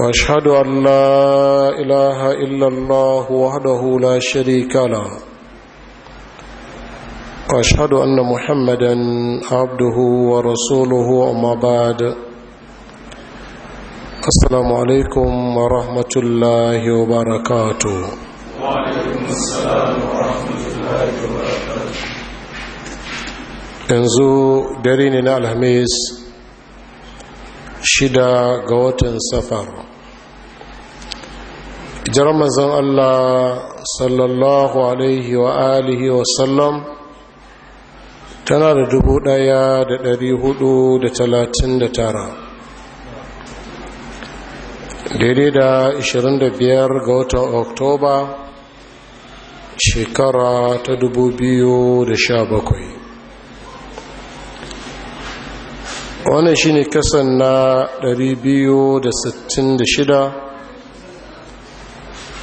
واشهد ان لا اله الا الله وحده لا شريك له واشهد ان محمدا عبده ورسوله اما بعد السلام عليكم ورحمه الله وبركاته وعليكم السلام ورحمه الله وبركاته yanzu dare ne na alhamis shida ga watan safar jiran manzan Allah sallallahu alaihi wa alihi wa sallam tana da dubu ɗaya da dari hudu da talatin da tara daidai da 25 ga watan oktoba shekara ta dubu biyu da sha bakwai wannan shine kasan na dari da sittin shida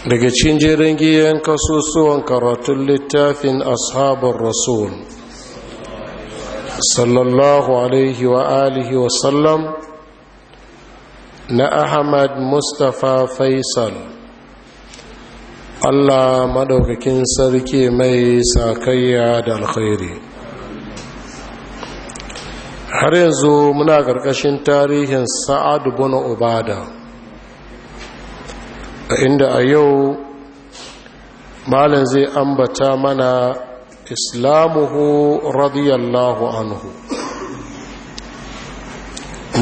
daga cikin jerin giyan kasusuwan karatun littafin ashabar rasul sallallahu alaihi wa alihi wa sallam na ahmad mustapha faisal allah maɗaukakin sarki mai sakayya da alkhairi har yanzu muna ƙarƙashin tarihin sa'ad bin ubada a inda a yau malam zai ambata mana islamuhu radiyallahu anhu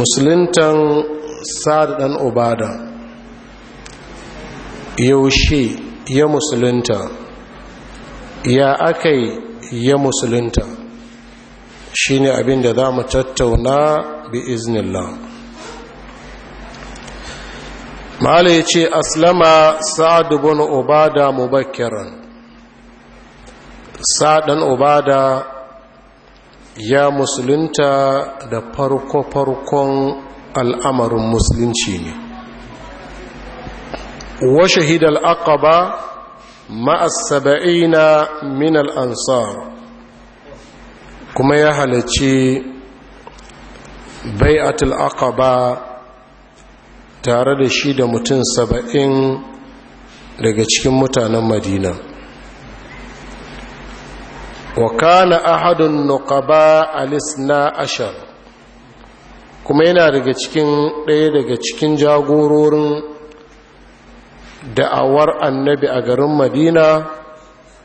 musulintan sa'ad ɗan obada yaushe ya musulunta ya akai ya musulunta shine abin da za mu tattauna bi iznillah Mali ya ce aslama sa'adu bin obada mubakkiran sa'adun obada ya musulunta da farko-farkon al'amarin musulunci ne wa shahidal aqaba ma'as saba'ina min al'ansar kuma ya halarci bai'atul aqaba tare da shi da mutum saba'in daga cikin mutanen madina wa kana ahadun nuqaba alisna ashar kuma yana daga cikin ɗaya daga cikin jagororin da'awar annabi a garin madina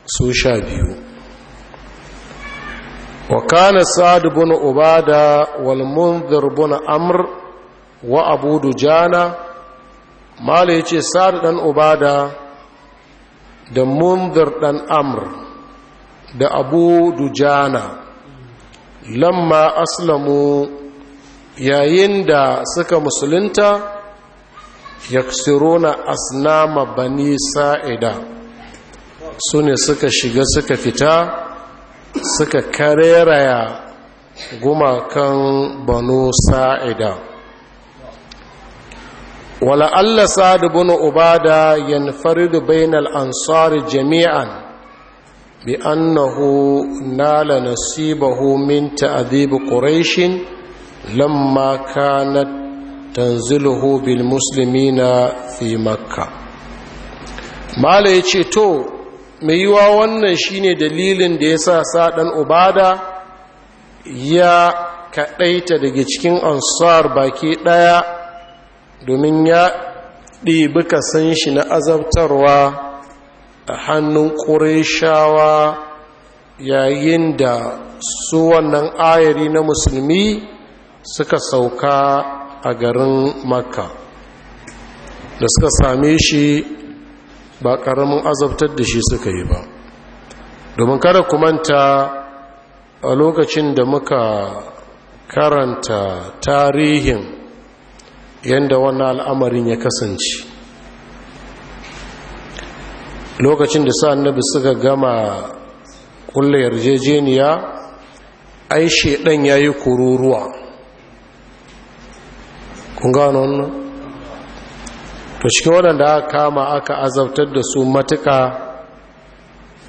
su sha biyu wa kana sa'ad bin ubada wal munzir bin amr wa abu dujana mala ya ce sa'ad ɗan ubada da mundar ɗan amr da abu dujana lamma aslamu yayin da suka musulunta yaksiruna asnama bani sa'ida su ne suka shiga suka fita suka kareraya gumakan banu sa'ida wala Allah sadu ibn ubada da bainal ansari jami'an bi annahu nala nasibahu min ta'dhib quraish lamma kanat tanziluhu bil muslimina fi makkah mala yace to mai yiwa wannan shine dalilin da yasa sadan ubada ya kaɗaita daga cikin ansar baki ɗaya domin ya ɗibi ka san shi na azabtarwa a hannun ƙurishawa yayin da su wannan ayari na musulmi suka sauka a garin makka da suka same shi ba ƙaramin azabtar da shi suka yi ba domin kada kumanta a lokacin da muka karanta tarihin yadda wannan al'amarin ya kasance lokacin da sa annabi suka gama kulle yarjejeniya ai shedan ya yi kururuwa kun gano wannan to cikin waɗanda aka kama aka azabtar da su matuka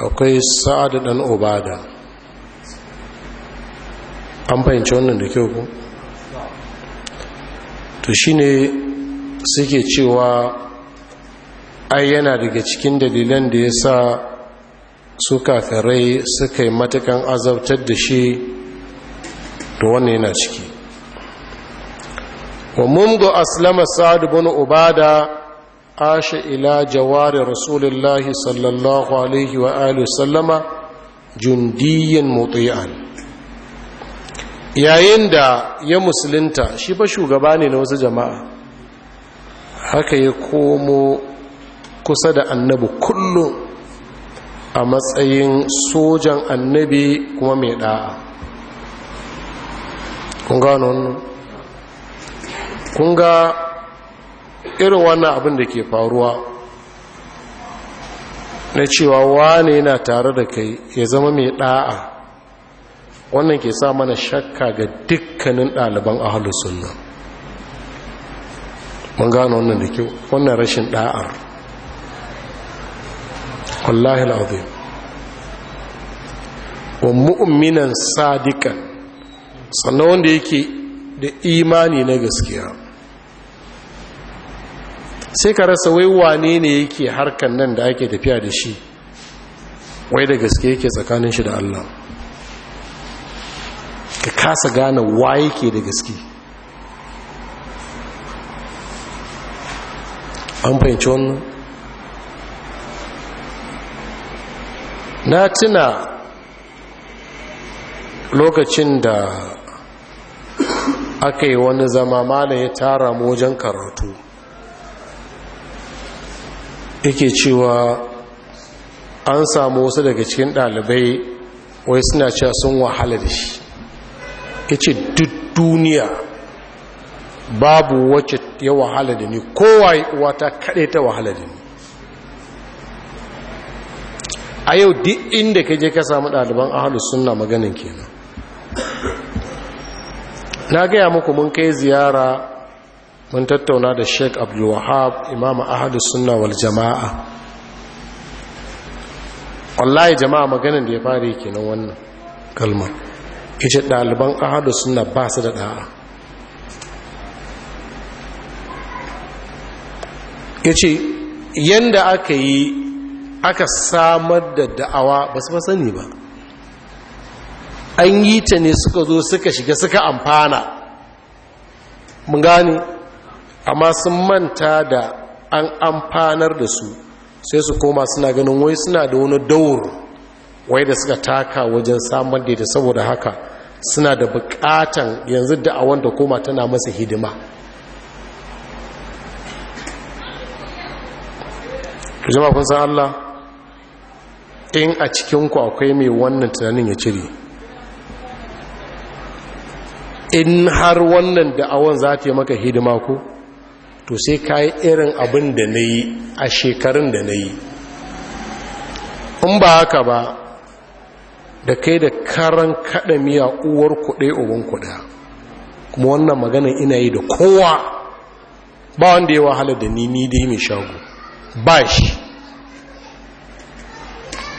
akwai sa'ad ɗan obada an fahimci wannan da kyau ku to shine suke cewa ai yana daga cikin dalilan da ya sa su kafirai suka yi matakan azabtar da shi to wannan yana ciki wa mundu aslama sa'ad ibn ubada asha ila jawari rasulullahi sallallahu alaihi wa alihi sallama jundiyan muti'an yayin da ya musulunta shi ba shugaba ne na wasu jama'a haka ya komo kusa da annabi kullum a matsayin sojan annabi kuma mai da'a kun wannan irin wannan abin da ke faruwa na cewa wane yana tare da kai ya zama mai da'a wannan ke sa mana shakka ga dukkanin ɗaliban ahalus sunna mun gano wannan da kyau wannan rashin ɗa'ar wallahi al'adhim wa mu'minan sadiqan sannan wanda yake da imani na gaskiya sai ka rasa wai wane ne yake harkan nan da ake tafiya da shi wai da gaske yake tsakanin shi da Allah ka kasa gane wa yake da gaske an fahimci wannan na tuna lokacin da aka yi wani zama malam ya tara mu wajen karatu yake cewa an samu wasu daga cikin ɗalibai wai suna cewa sun wahala da shi ya ce duk duniya babu wacce ya wahala da ni kowai uwata kaɗai ta wahala da ni a yau duk inda ka je ka samu ɗaliban ahalu suna maganin kenan na gaya muku mun kai ziyara mun tattauna da sheik abdulwahab imama ahalu suna wal jama'a wallahi jama'a maganin da ya fara kenan wannan kalmar ya ce ɗaliban ahadu suna ba su da ɗa'a ya ce yadda aka yi aka samar da da'awa ba su sani ba an yi ta ne suka zo suka shiga suka amfana mun gane amma sun manta da an amfanar da su sai su koma suna ganin wai suna da wani dawur wai da suka taka wajen samar da saboda haka suna da bukatan yanzu da a wanda koma tana masa hidima jama kun san Allah in a cikinku akwai mai wannan tunanin ya cire in har wannan da'awan za ta yi maka hidima ko to sai ka yi irin abin da na yi a shekarun da na yi in ba haka ba da kai da karan kada miya uwar kuɗe uban kuɗa kuma wannan magana ina yi da kowa ba wanda ya wahala da ni ni dai mai shago ba shi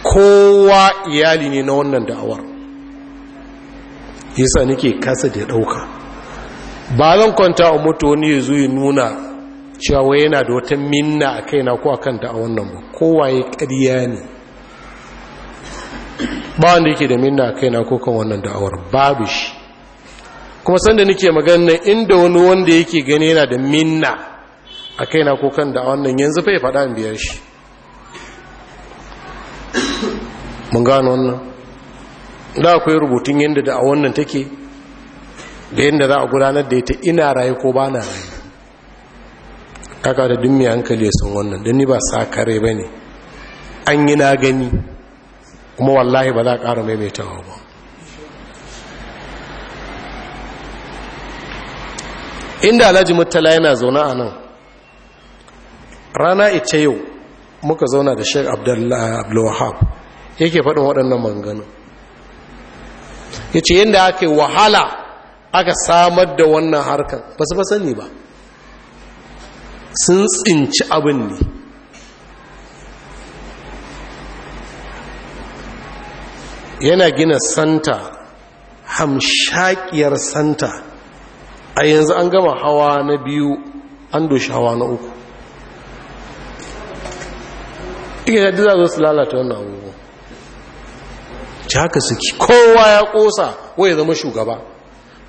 kowa iyali ne na wannan da'awar yasa nake kasa da ɗauka ba zan kwanta a mutu wani ya zo ya nuna cewa yana da wata minna a kaina ko a kan da'awar nan ba kowa ya ƙarya ne ba wanda yake da minna kaina ko kan wannan da'awar babu shi kuma sanda nake magana inda wani wanda yake gani yana da minna a kaina ko kan da'awar nan yanzu fa ya faɗa in biya shi mun gano wannan da akwai rubutun yadda da'awar nan take da yadda za a gudanar da ita ina raye ko ba na raye kaka da dummi hankali sun wannan don ni ba sa kare ba ne an yi na gani kuma wallahi ba za a ƙara maimaitawa ba inda alhaji murtala yana zaune a nan rana ita yau muka zauna da sheik abdullahab yake faɗin waɗannan manganu ya ce yadda aka wahala aka samar da wannan harkar ba su ba sani ba sun tsinci abin ne yana gina santa hamshakiyar santa a yanzu an gama hawa na biyu an doshi hawa na uku ike yadda za su lalata wannan abubuwa ci haka suke kowa ya kosa wai ya zama shugaba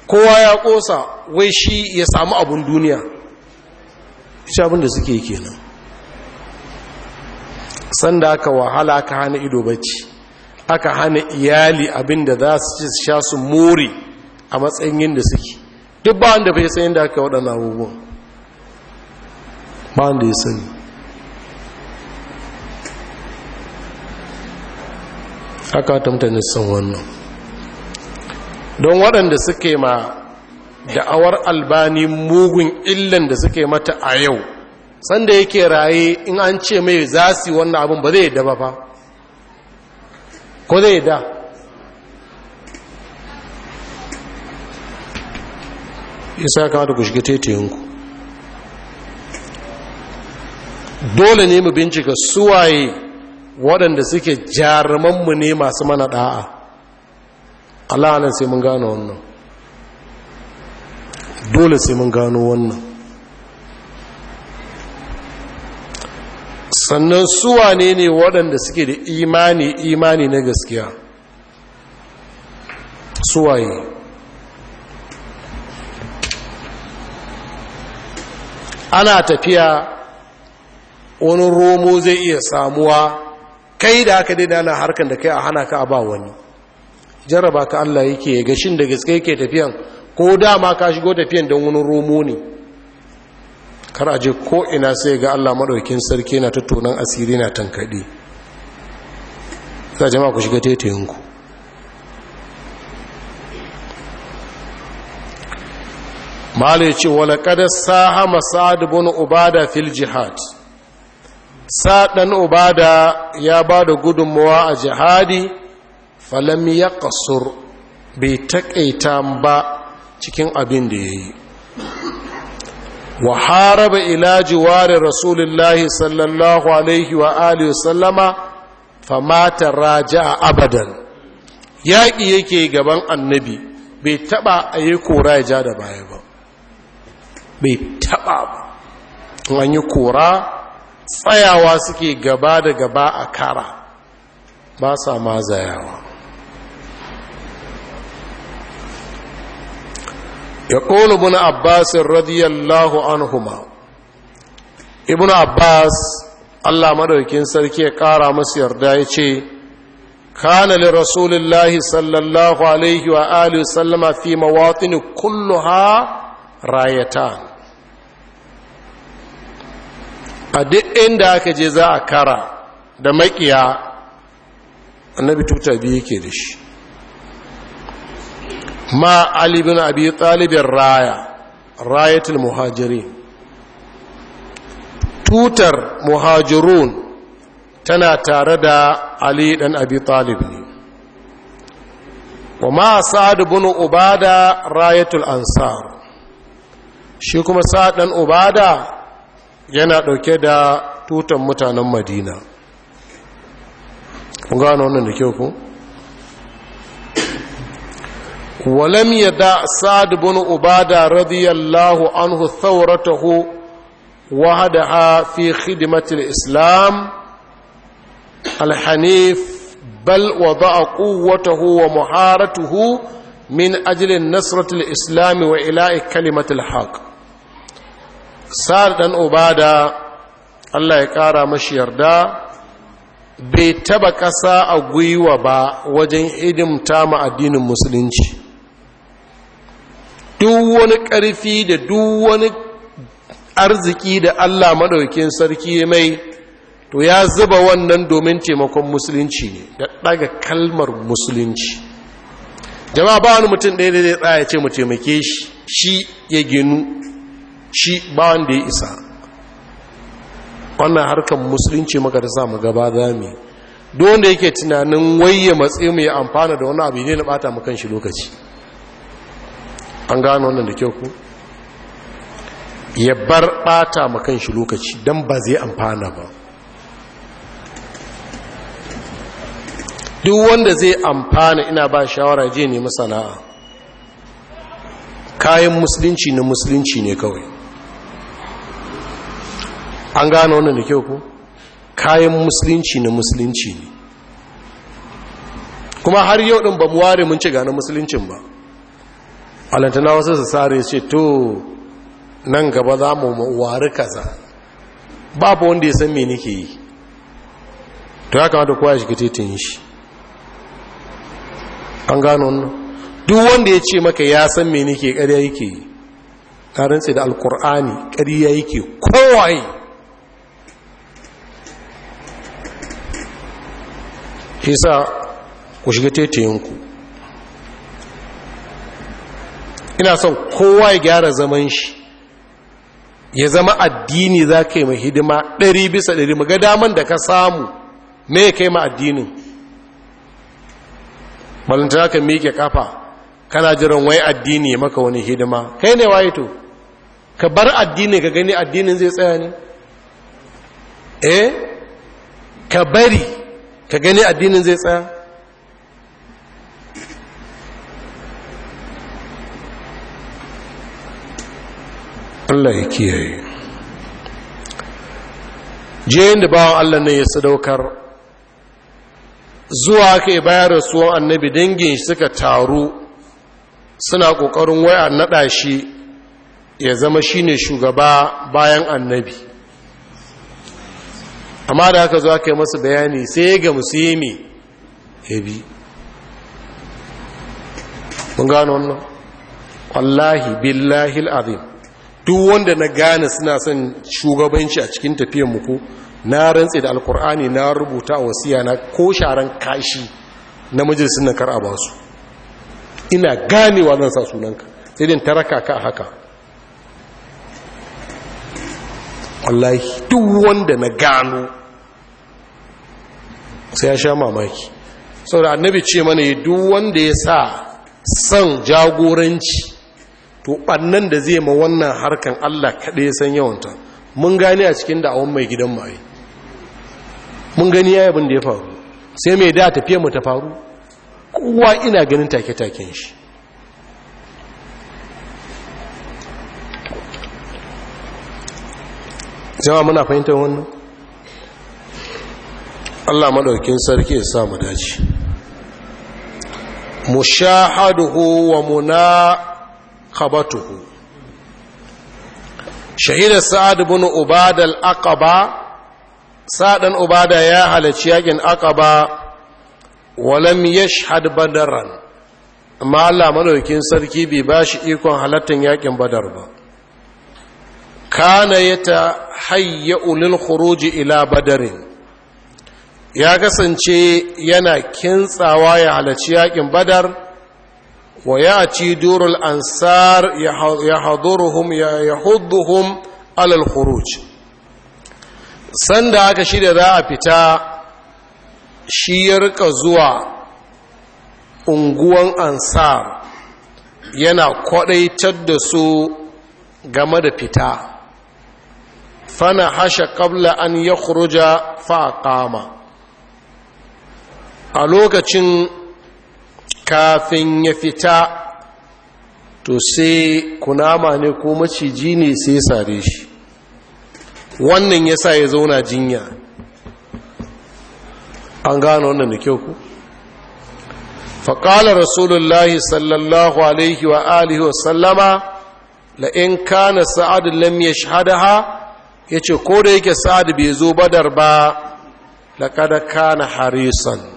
kowa ya kosa wai shi ya samu abun duniya ci abin da suke kenan sanda aka wahala ka hana ido bacci aka hana iyali abin da za su ci sha su more a matsayin yin da suke duk ba wanda bai sayin da aka waɗanda abubuwan ba wanda ya sani aka tamta nisan wannan don waɗanda suke ma da'awar albani mugun illan da suke mata a yau sanda yake raye in an ce mai za su yi wannan abin ba zai yi daba ba ko zai da isa kamata ku shiga tetayinku dole ne mu bincika suwaye waɗanda suke jarumanmu ne masu mana ɗa'a Allah nan sai mun gano wannan dole sai mun gano wannan sannan wane ne waɗanda suke da imani imani na gaskiya suwaye ana tafiya wani romo zai iya samuwa kai da aka daina ana harkar da kai a hana ka a ba wani jarraba ka Allah yake gashin da gaske yake tafiyan ko dama ka shigo tafiyan don wani romo ne kar a je ko ina sai ga Allah madaukin sarki na tattunan asiri na tankaɗi za jama'a ku shiga tetayinku malai ce wala kada sahama sa'ad bin ubada fil jihad sa'dan ubada ya bada gudunmawa a jihadi falam yaqsur bai taƙaita ba cikin abin da yayi wa haraba جوار رسول الله sallallahu alaihi wa alihi وسلم famata raja abadan yaƙi yake gaban annabi bai taɓa a yi kora ya ja da baya ba bai taɓa ba an yi kora tsayawa suke gaba da gaba a kara ba sa ma zayawa ya ƙola bin abbas radiyallahu anhuma ibn abbas allah madaukin sarki ya ƙara masu yarda ya ce kana li rasulillahi sallallahu alaihi wa alihi sallama fi mawatin kulluha rayatan a duk inda aka je za a kara da maƙiya, annabi tuta biyu yake da shi ma ali bin abi talibin raya rayatul muhajiri tutar muhajirun tana tare da ali dan abi talib ne wa ma sa'ad ubada rayatul ansar shi kuma sa'ad dan ubada yana dauke da tutar mutanen madina kun gano wannan da kyau ko ولم يدع سعد بن عبادة رضي الله عنه ثورته وحدها في خدمة الإسلام الحنيف بل وضع قوته ومحارته من أجل نصرة الإسلام وإلاء كلمة الحق سعد بن عبادة الله يقارى مشير دا bai taba ƙasa a gwiwa ba wajen hidimta ma addinin musulunci duk wani ƙarfi da duk wani arziki da Allah maɗaukin sarki ya mai to ya zuba wannan domin taimakon musulunci ne da ɗaga kalmar musulunci jama'a ba wani mutum ɗaya da zai tsaya ce mu taimake shi shi ya ginu shi ba wanda ya isa wannan harkar musulunci maka da samu gaba zami don da yake tunanin waye matsayi mu ya amfana da wani abu ne na bata mu kan shi lokaci an gano wannan da kyau ku ya bar bata makan shi lokaci don ba zai amfana ba duk wanda zai amfana ina ba shawara je ne sana'a kayan musulunci na musulunci ne kawai an gano wannan da kyau ku kayan musulunci na musulunci ne kuma har yau ɗin ba mu ware mun ci gane musuluncin ba alantana wasu su sare ce to nan gaba za mu wari kaza babu wanda ya san me nake yi to ya kamata kowa ya shiga titin shi an gano wannan duk wanda ya ce maka ya san me nake ƙarya yake yi ta rantse da alkur'ani ƙarya yake kowaye shi sa ku shiga tetayinku ina son kowa ya gyara zaman shi ya zama addini za ka yi mahidima hidima ɗari bisa ɗari maga daman da ka samu me ya kai ma addinin balantana ka miƙe kafa kana jiran wai addini ya maka wani hidima kai ne waye to ka bar addini ka gani addinin zai tsaya ne eh ka bari ka gani addinin zai tsaya Allah ya kiyaye da bawan Allah ne ya sadaukar zuwa aka yi bayar da suwan annabi dangin suka taru suna ƙoƙarin waya naɗa shi ya zama shine shugaba bayan annabi amma da aka zo aka yi masa bayani sai ya ga musulmi ya bi mun gano wannan wallahi billahi al'azim duk wanda na gane suna son shugabanci a cikin tafiyan muku na rantse da alkur'ani na rubuta a wasiya na ko sharan kashi na majalisun na kar a ba su ina ganewa zan sa sunanka sai dai taraka ka haka wallahi duk wanda na gano sai ya sha mamaki saboda annabi ce mana duk wanda ya sa son jagoranci to ɓannan da zai ma wannan harkan Allah kaɗai san yawanta mun gani a cikin da'awon mai gidan maye mun gani ya yabin da ya faru sai mai da tafiye mu ta faru kowa ina ganin take-taken shi jama muna fahimtar wannan Allah maɗaukin sarki ya samu sha mushahaduhu wa muna khabatuhu shahida sa'ad ibn ubad al-aqaba sa'dan ubada ya halarci yakin aqaba walam yashhad badaran amma Allah madaukin sarki bai bashi ikon halartar yaƙin badar ba kana yata hayya ulil khuruji ila badarin ya kasance yana kintsawa ya halarci yaƙin badar wa ya ci durul ya haduruhum alal khuruj sanda aka shirya za a fita shi ya rika zuwa unguwan ansar yana kwadaitar da su game da fita fana hasha kabla an ya kuruja fa kama a lokacin kafin ya fita to sai kunama ne ko maciji ne sai sare shi wannan ya sa ya zauna jinya an gano wannan da kyau ku faƙala rasulullahi sallallahu alaihi wa alihi wa sallama ka kana Sa'adu lamye ya ha? ya ce ko da yake Sa'adu bai zo badar ba ka na harisan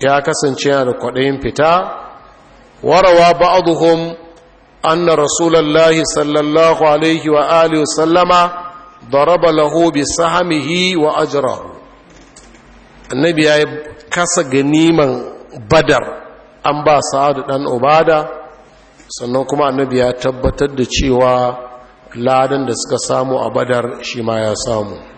ya kasance yana da kwaɗayin fita warawa ba'aduhum anna rasulallahi sallallahu alaihi wa alihi sallama daraba lahu bi sahamihi wa ajrahu annabi ya kasa ganiman badar an ba sa'adu dan ubada sannan kuma annabi ya tabbatar da cewa ladan da suka samu a badar shi ma ya samu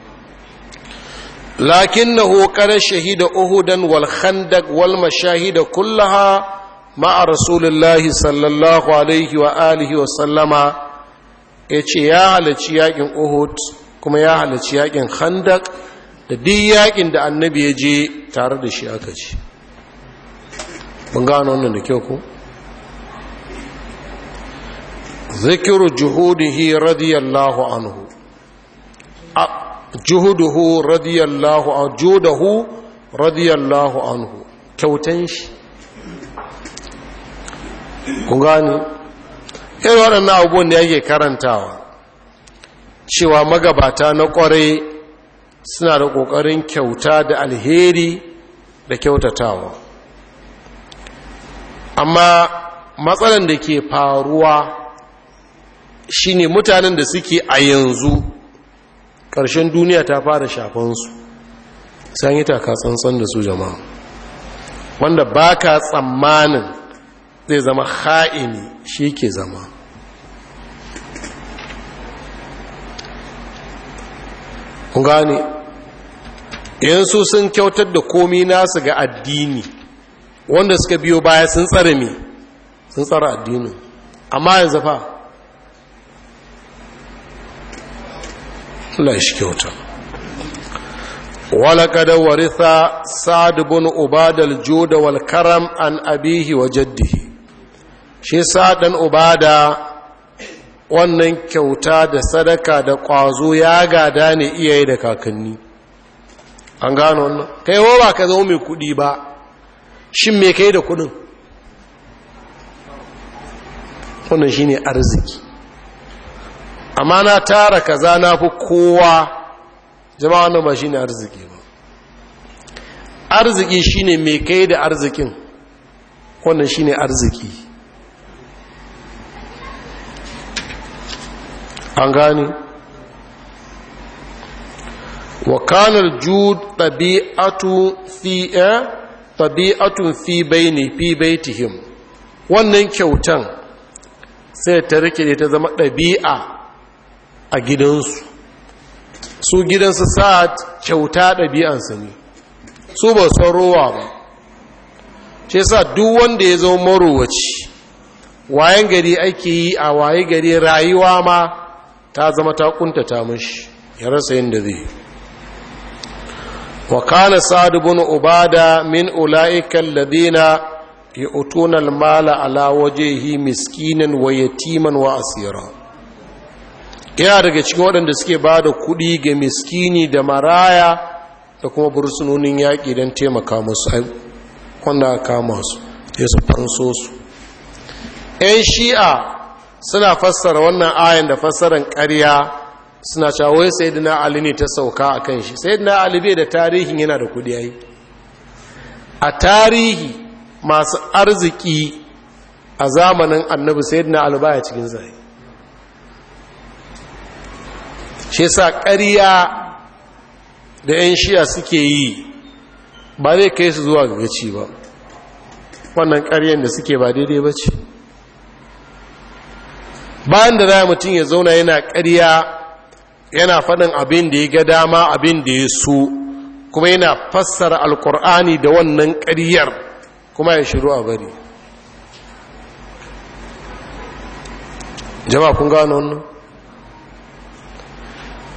lakinnahu qad shahida uhudan wal khandaq wal mashahida kullaha ma'a rasulillahi sallallahu alaihi wa alihi wa sallama yace ya halarci yakin uhud kuma ya halarci yakin Handak da duk da annabi ya je tare da shi aka ci ban gano wannan da kyau ko zikiru juhudihi radiyallahu anhu juhuduhu radiyallahu anhu judahu radiyallahu anhu kyautan shi ku gani irin waɗannan abubuwan da yake karantawa cewa magabata na ƙwarai suna da ƙoƙarin kyauta da alheri da kyautatawa amma matsalan da ke faruwa shine mutanen da suke a yanzu ƙarshen duniya ta fara shafansu sai yi taka tsantsan da su jama'a wanda ba ka tsammanin zai zama ha'ini shi ke zama gane yansu sun kyautar da komi nasu ga addini wanda suka biyo baya sun tsara mi sun tsara addinin amma yanzu fa Allah shi kyauta ولقد ورث سعد بن wal karam an عن wa jaddihi shi sadan ubada wannan kyauta da sadaka da ƙwazo ya gada ne iyaye da kakanni an gano wannan kai wa ba ka zo mai kuɗi ba shin me kai da kuɗin wannan shine arziki amma na tara kaza na fi kowa jama'a wannan ba shine arziki ba arziki shine mai kai da arzikin wannan ne arziki an gani wa kanar jud ɗabi'atu fi ɗabi'atun eh, fi fi baitihim wannan kyautan sai ta rike ta zama ɗabi'a a gidansu su gidansu sa'ad kyauta ɗabi'ansa ne su ba san rowa ba ce sa duk wanda ya zama marowaci wayan gari ake yi a waye gari rayuwa ma ta zama ta ta mashi ya rasa yin zai wa kana sa'ad ibn ubada min ula'ikan ladina ya al-mala ala hi miskinin wa yatiman wa asira yana daga cikin waɗanda suke ba da kuɗi ga miskini da maraya da kuma bursunonin yaƙi don taimaka musu wanda kama su ya su fanso su 'yan shi'a suna fassara wannan ayan da fassaran ƙarya suna cawai sai dina ali ne ta sauka a kan shi sai dina ali bai da tarihin yana da kuɗi yayi a tarihi masu arziki a zamanin annabi sai dina ali baya cikin zai shi sa ƙarya da 'yan shiya suke yi ba zai kai su zuwa gaci ba wannan ƙaryan da suke ba daidai ba ce bayan da za mutum ya zauna yana ƙarya yana faɗin abin da ya ga dama abin da ya so kuma yana fassara alkur'ani da wannan ƙaryar kuma ya shiru a bari jama'a kun gano wannan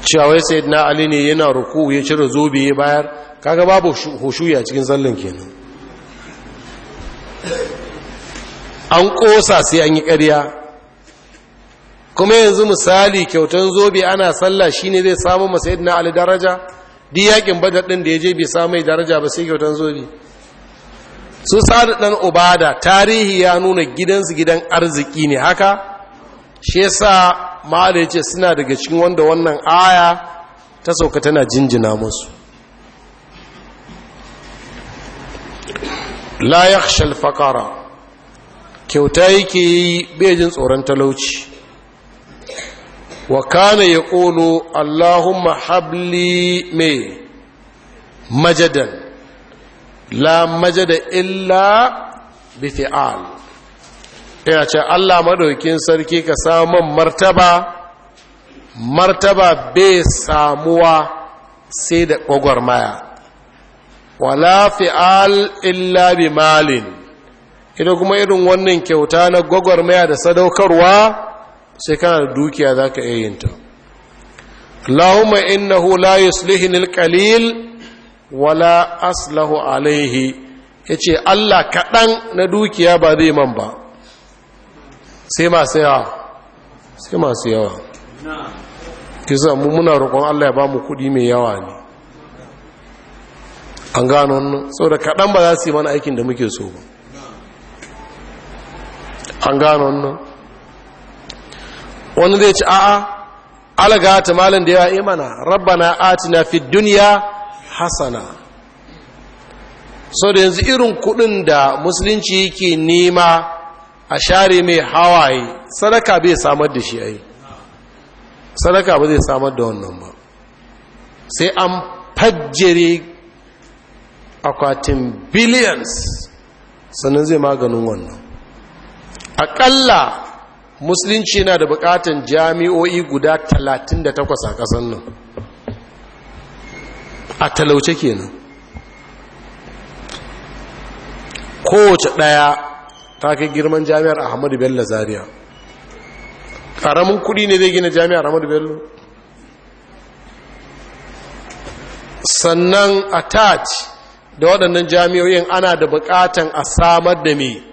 cewa wai na ali ne yana ruku ya cire zobe ya bayar kaga babu hushuyi a cikin zallin kenan an kosa sai an yi ƙarya kuma yanzu misali kyautan zobe ana sallah shine zai samu na ali daraja di yakin badar din da ya je bai samu mai daraja ba sai kyautan zobe su sadu dan ubada tarihi ya nuna gidansu gidan arziki ne haka shi yasa ma'ala ce suna daga cikin wanda wannan aya ta sauka tana jinjina musu la yakhsha kyauta yake yi bejin tsoron talauci wa ya ƙolo allahumma habli me majadan la majada illa bi Yace ce allah madaukin sarki ka samun martaba martaba bai samuwa sai da ƙwagwarmaya wala fi'al illa bi malin ita kuma irin wannan kyauta na gwagwarmaya da sadaukarwa sai kana da dukiya za ka iya ta allahumma innahu la yuslihin alqalil wala aslahu alaihi yace Allah kaɗan na dukiya ba zai man ba sai masu yawa sai masu yawa kisa mu muna roƙon Allah ya ba mu kuɗi mai yawa ne an gano wannan da kaɗan ba za su yi mana aikin da muke so ba an gano wannan wani zai ci a'a alaga ta malin da yawa imana eh rabbana atina fi duniya hasana Sau da yanzu irin kuɗin da musulunci yake nema a share mai hawaye sadaka bai samar da shi yi sadaka ba zai samar da wannan ba sai an fajjere akwatin billions sannan zai maganin wannan aƙalla musulunci na da bukatan jami'o'i guda 38 a ƙasar nan a talauce kenan kowace ɗaya ta kai girman jami'ar ahmadu bello zaria ƙaramin kudi ne zai gina jami'ar ahmadu bello sannan attach da waɗannan jami'oyin ana da buƙatan a samar da mai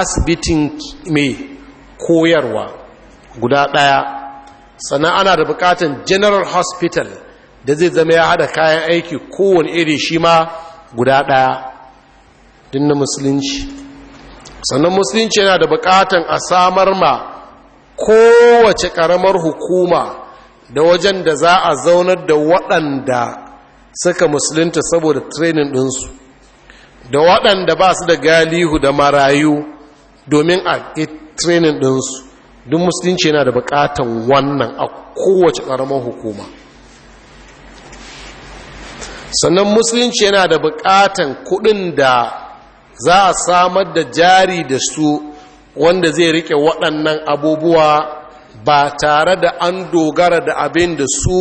asibitin mai koyarwa guda ɗaya sannan ana da buƙatan general hospital da zai zama ya haɗa kayan aiki kowane iri shi ma guda ɗaya din na musulunci sannan musulunci yana da bukatan a samar ma kowace karamar hukuma da wajen da za a zaunar da waɗanda suka musulunta saboda trenin ɗinsu da waɗanda ba su da galihu da marayu domin a trenin ɗinsu duk musulunci yana da bukatan wannan a kowace karamar hukuma sannan musulunci yana da bukatan kuɗin da za a samar da jari da su wanda zai rike waɗannan abubuwa ba tare da an dogara da abin da su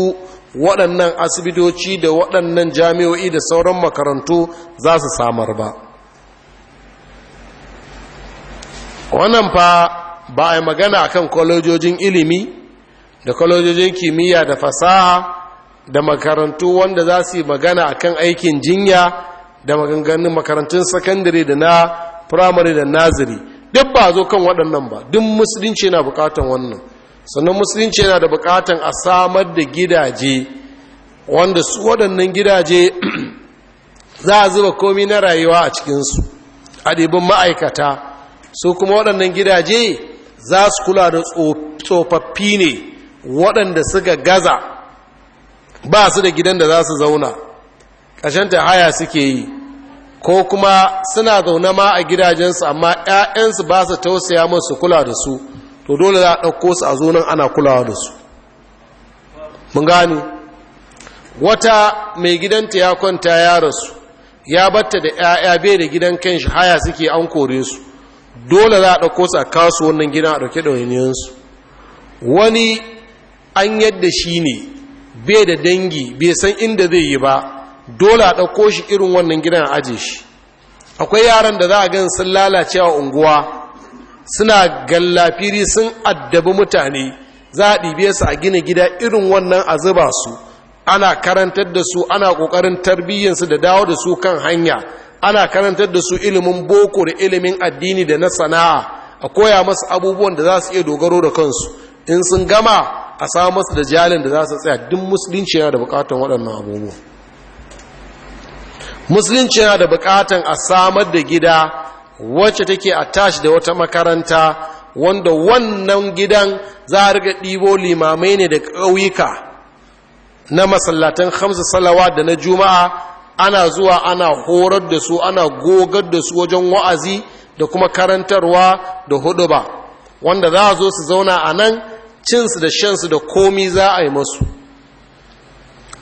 waɗannan asibitoci da waɗannan jami'o'i da sauran makarantu za su samar ba wannan fa ba a yi magana akan kwalojojin ilimi da kwalojojin kimiyya da fasaha da makarantu wanda za su yi magana akan aikin jinya da maganganun makarantun sakandare da na firamare da naziri duk ba zo kan waɗannan ba duk musulunci yana buƙatan wannan sannan musulunci yana da buƙatan a samar da gidaje wanda su waɗannan gidaje za a zuba komi na rayuwa a cikinsu a ɗibin ma'aikata su kuma waɗannan gidaje za su kula da tsofaffi ne waɗanda suka gaza ba su da gidan da za su zauna ƙashanta haya suke yi ko kuma suna zaune ma a gidajensu amma 'ya'yansu ba su tausaya masu kula da su to dole za a ɗauko su a zonan ana kulawa da su mun gani wata mai gidanta ya kwanta ya rasu ya batta da 'ya'ya bai da gidan kanshi haya suke an kore su dole za a ɗauko su a kasu wannan gina a ɗauke ɗauniyansu wani an yadda shi ne bai da dangi bai san inda zai yi ba dole a ɗauko shi irin wannan gidan a aje shi akwai yaran da za a gan sun lalace a unguwa suna gallafiri sun addabi mutane za a ɗibe su a gina gida irin wannan a zuba su ana karantar da su ana ƙoƙarin tarbiyyansu da dawo da su kan hanya ana karantar da su ilimin boko da ilimin addini da na sana'a a koya masu abubuwan da za su iya dogaro da kansu in sun gama a samu masu da jalin da za su tsaya duk musulunci yana da bukatan waɗannan abubuwan musulunci yana da bukatan a samar da gida wacce take a tashi da wata makaranta wanda wannan gidan za a riga ɗibo limamai ne da ƙauyuka na masallatan hamsa salawa da na juma'a ana zuwa ana horar da su ana gogar da su wajen wa'azi da kuma karantarwa da huduba wanda za a zo su zauna a nan cinsu da shansu da komi za a yi masu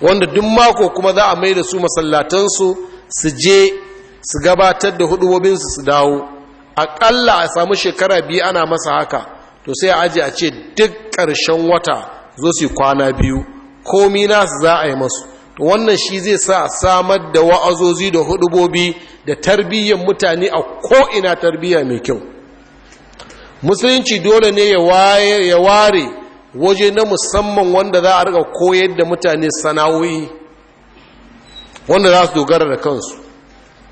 wanda duk mako kuma za a mai da su masallatansu su je su gabatar da hudubobinsu su dawo aƙalla a samu shekara biyu ana masa haka to sai a ajiye a ce duk ƙarshen wata zo su kwana biyu komi nasu za a yi masu to wannan shi zai sa samar da wa'azozi da hudubobi da tarbiyyar mutane a ko'ina tarbiyya mai kyau musulunci dole ne ya ware waje na musamman wanda za a riga koyar da mutane sana'o'i wanda za su dogara da kansu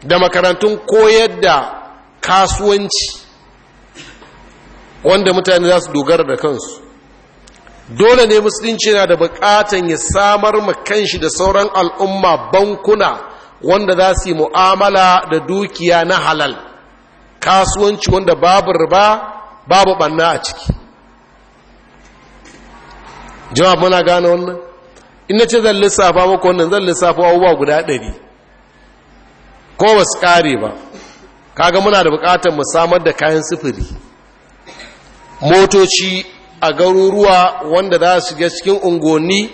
da makarantun koyar da kasuwanci wanda mutane za su dogara da kansu dole ne musulunci na da bukatan ya samar ma kanshi da sauran al'umma bankuna wanda za su yi mu'amala da dukiya na halal kasuwanci wanda babu riba babu banna a ciki jama'a muna gane wannan in na ce zan lissafa maka wannan zan lissafa abubuwa guda ɗari ko ba su ƙare ba kaga muna da buƙatar mu samar da kayan sufuri motoci a garuruwa wanda za su shiga cikin unguwanni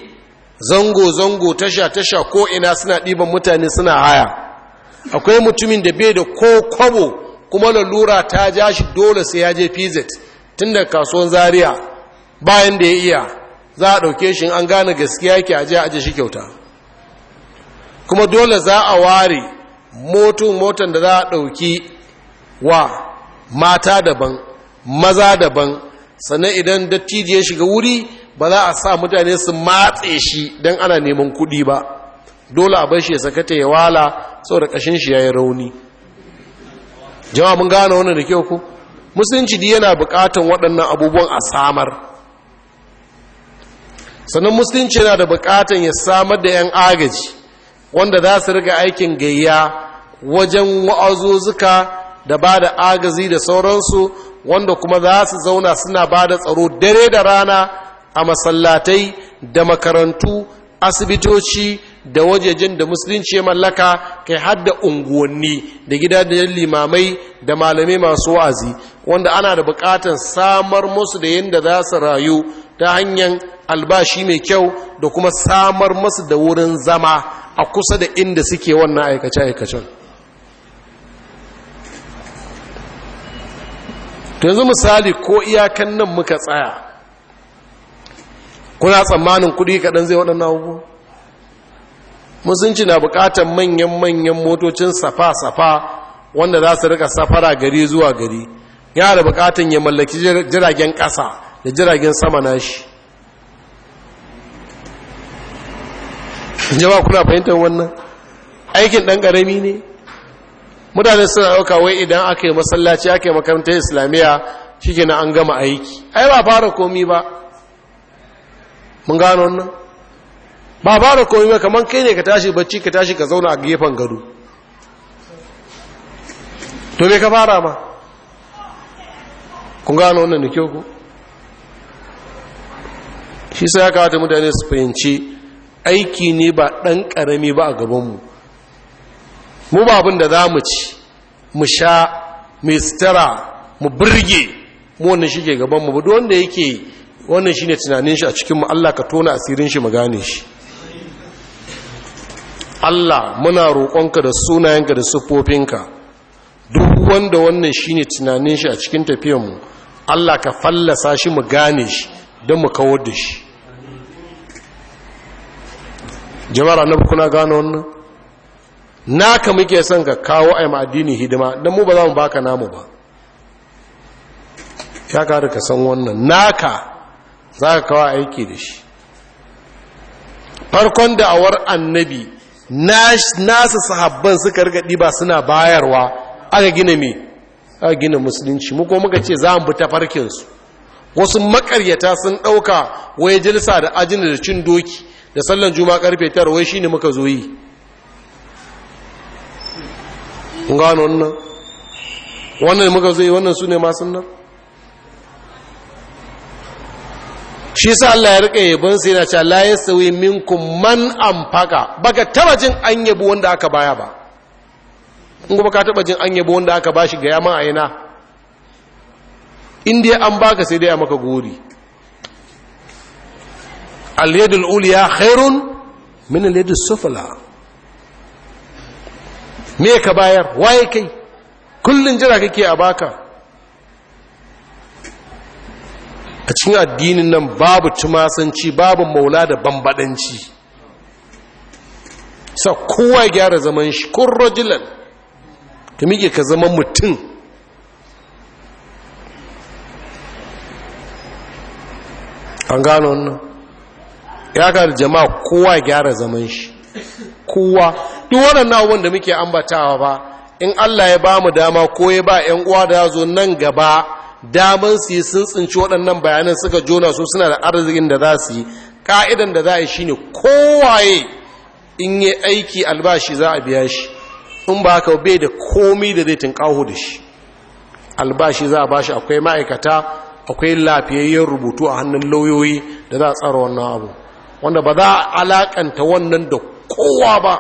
zango-zango tasha-tasha ko ina suna ɗiban mutane suna haya akwai mutumin da bai da ko kwabo kuma lalura ta jashi dole sai ya je pz tun da kasuwan zaria bayan da ya iya za a ɗauke shi an gane gaskiya yake aje aje shi kyauta kuma dole za a ware motun motan da za a ɗauki wa mata daban maza daban sannan idan dattijo shiga wuri ba za a sa mutane su matse shi don ana neman kuɗi ba dole a bai shi ya sakata ya wala saboda ƙashin shi ya yi rauni jama'a mun gane wannan da kyau ku musulunci yana bukatan waɗannan abubuwan a samar sannan musulunci yana da bukatan ya samar da 'yan agaji wanda za su riga aikin gayya wajen wa'azuzuka da ba da agazi da sauransu wanda kuma za su zauna suna ba da tsaro dare da rana a masallatai da makarantu asibitoci da wajejen da musulunci ya mallaka kai hadda unguwanni da gidajen limamai da malamai masu wa'azi wanda ana da bukatan samar musu da yadda za su rayu ta hanyar albashi mai kyau da kuma samar masu da wurin zama a kusa da inda suke wannan aikace-aikacen yanzu misali ko iyakan nan muka tsaya kuna tsammanin kudi kaɗan zai waɗannan abubuwa musulunci na bukatar manyan-manyan motocin safa-safa wanda za su rika safara gari zuwa gari yana da bukatar ya mallaki jiragen ƙasa da jiragen sama na shi jama kuna fahimtar wannan aikin ɗan ƙarami ne mutane suna ɗauka wai idan aka yi masallaci aka yi makarantar islamiyya shi na an gama aiki ai ba fara komi ba mun gano wannan ba fara komi ba kamar kai ne ka tashi bacci ka tashi ka zauna a gefen gado to me ka fara ma kun gano wannan da kyau ku shi sai ya kawata mutane su fahimci aiki ne ba ɗan ƙarami ba a gabanmu mu ba abin da za mu ci mu sha mai sitara mu birge mu wannan shi ke gabanmu ba wanda yake wannan shi ne tunanin shi a cikinmu allah ka tona asirin shi mu gane shi allah muna roƙonka da sunayenka da siffofinka duk wanda wannan shi ne tunanin shi a cikin tafiyanmu allah ka fallasa shi mu gane shi don mu kawar da shi jama'ar annabi kuna gano wannan naka muke son ka kawo a addini hidima don mu ba za mu baka namu ba ya kare ka san wannan naka za ka kawo aiki da shi farkon da'awar annabi nasu sahabban suka riga ɗiba suna bayarwa aka gina me aka gina musulunci muku muka ce za mu bi ta farkinsu wasu makaryata sun ɗauka waye jilsa da ajin da cin doki da sallan juma karfe tara wai shine muka zo yi kun gano wannan wannan muka zo yi wannan su ne masu nan shi sa Allah ya rika yabon sai na cewa la yasawi minkum man anfaqa baka taba jin an yabo wanda aka baya ba in kuma ka taba jin an yabo wanda aka bashi ga yama a ina in dai an baka sai dai a maka gori al-yadul uliya khairun min al-yadus sufla me ka bayar waye kai kullun jira kake a baka a cikin addinin nan babu tumasanci babu maula da bambadanci sa kowa gyara zaman shi kun rajulan ka miƙe ka zama mutum an gano wannan ya ga jama'a kowa gyara zaman shi kowa duk waɗannan abun da muke ambatawa ba in Allah ya ba mu dama ko ya ba ‘yan uwa da zo nan gaba damar su yi sun tsinci waɗannan bayanan suka jona su suna da arzikin da za su yi ka'idan da za a yi shi ne kowaye in yi aiki albashi za a biya shi in ba ka bai da komi da zai tunƙaho da shi albashi za a ba shi akwai ma'aikata akwai lafiyayyen rubutu a hannun lauyoyi da za a tsara wannan abu wanda ba za a alakanta wannan da kowa ba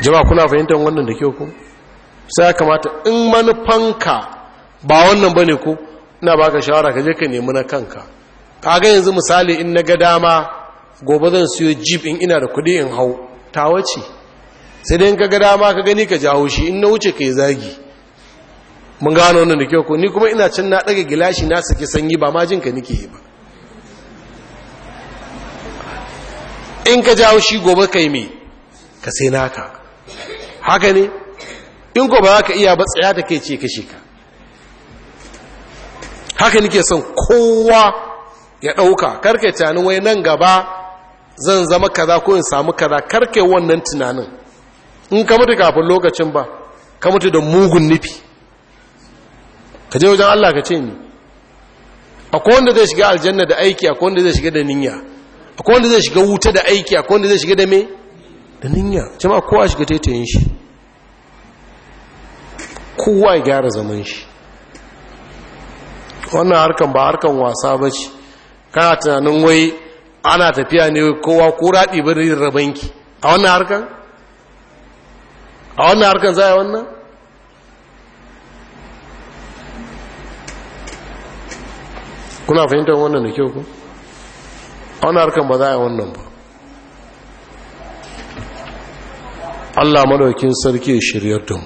jama kuna fahimtar wannan da kyau ku sai kamata in manufanka ba wannan ba ne ku ina ka shawara ka je ka nemi na kanka kaga yanzu misali in na ga dama gobe zan siyo jeep in ina da kuɗi in hau tawace sai dai in ka ga dama ka gani ka jawo shi in na wuce ka yi zagi mun gano wannan da kyau ni kuma ina can na ɗaga gilashi na saki sanyi ba ma jinka nike yi ba in ka jawo shi gobe kai me ka sai naka haka ne in ko ba za ka iya ba tsaya da kai ce ka haka nike son kowa ya ɗauka karka tani wai nan gaba zan zama kaza ko in samu kaza karka wannan tunanin in ka mutu kafin lokacin ba ka mutu da mugun nufi ka je wajen Allah ka ce ni akwai wanda zai shiga aljanna da aiki akwai wanda zai shiga da ninya akwai wanda zai shiga wuta da aiki akwai wanda zai shiga da me da ninya jama'a kowa shiga taitayin shi kowa ya gyara zaman shi wannan harkan ba harkan wasa ba ce kana tunanin wai ana tafiya ne kowa ko raɗi bari rabanki a wannan harkan a wannan harkan za a yi wannan kuna fahimtar wannan da kyau ku wani harkar ba za a yi wannan ba allah madaukin sarki ya shirya tun.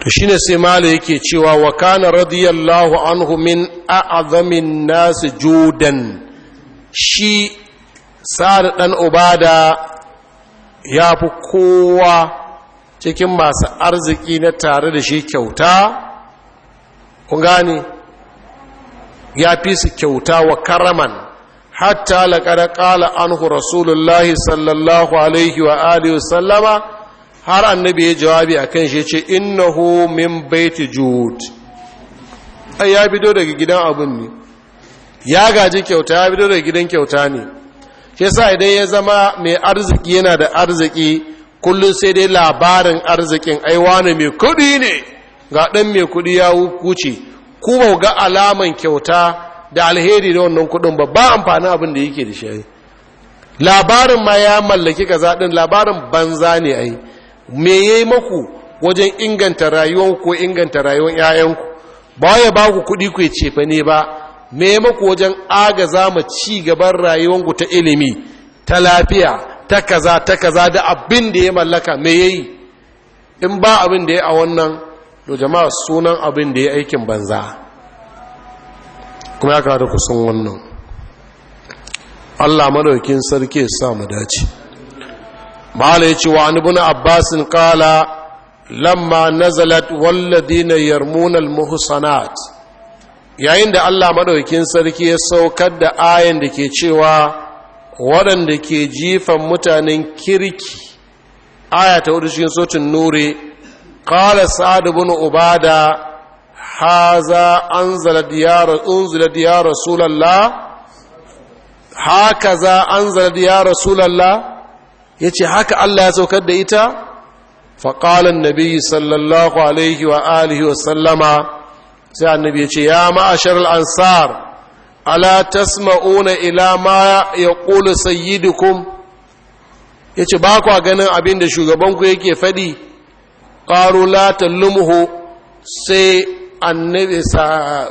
to shine sai mala yake cewa wa kana radiyallahu anhu min a'azamin nasu judan shi sa'ad dan ubada ya fi kowa cikin masu arziki na tare da shi kyauta Ku gane ya fi su kyauta wa karaman hatta laƙada ƙala anhu rasulullahi sallallahu alaihi wa alihi sallama har annabi ya jawabi a kan shi ce innahu min baiti jud ai ya fito daga gidan abun ne ya gaji kyauta ya fito daga gidan kyauta ne shi sa idan ya zama mai arziki yana da arziki kullum sai dai labarin arzikin ai wani mai kuɗi ne ga ɗan mai kuɗi ya wuce ku ba ga alaman kyauta da alheri da wannan kudin ba ba amfani abin da yake da shi labarin ma ya mallaki kaza din labarin banza ne ai me yayi maku wajen inganta rayuwar ko inganta rayuwar yayanku ba ya ba ku kudi ku ce fa ne ba me maku wajen aga zama ci gaban rayuwar ku ta ilimi ta lafiya ta kaza ta kaza da abin da ya mallaka me yayi in ba abin da ya a wannan to jama'a sunan abin da ya aikin banza kuma ya kamata ku san wannan Allah madaukin sarki ya sa mu dace mala yace wa ibn abbas qala lamma nazalat walladina yarmuna muhsanat yayin da Allah madaukin sarki ya saukar da ayan da ke cewa waɗanda ke jifan mutanen kirki aya ta hudu cikin sotin nure قال سعد بن عبادة هذا أنزل ديار أنزل ديار رسول الله هكذا أنزل ديار رسول الله يتي هكا الله سوكر ديتا فقال النبي صلى الله عليه وآله وسلم سيد النبي يتي يا معشر الأنصار ألا تسمعون إلى ما يقول سيدكم yace ba kwa ganin abin da shugabanku yake faɗi ƙaru la tallumuhu sai annabi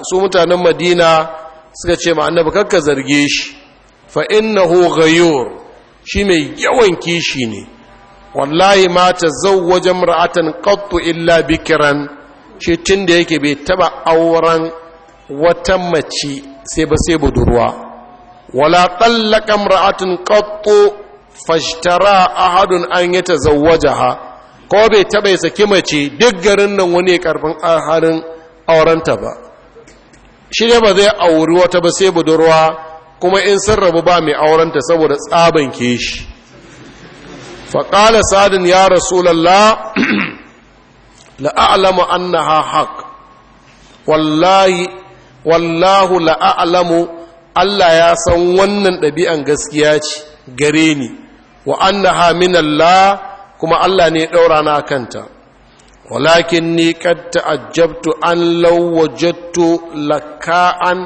su mutanen madina suka ce ma annabi kakka zarge shi fa innahu ghayur shi mai yawan kishi ne wallahi ma ta wajen mar'atan qattu illa bikiran shi tunda yake bai taba auren wata mace sai ba sai budurwa wala tallaqa mar'atan qattu fashtara ahadun an yatazawwajaha ko bai taɓa ya saki mace duk garin nan wani ƙarfin halin aurenta ba shi ne ba zai auri wata ba sai budurwa kuma in sun rabu ba mai aurenta saboda tsaban ke shi faƙala sadin ya rasulallah anna annaha haq wallahi wallahu la'a'alamu Allah ya san wannan ɗabi'an gaskiya ce gare ni wa annaha minallah kuma Allah ne ɗaura na kanta walakin ni kad ta'ajjabtu an law wajadtu laka'an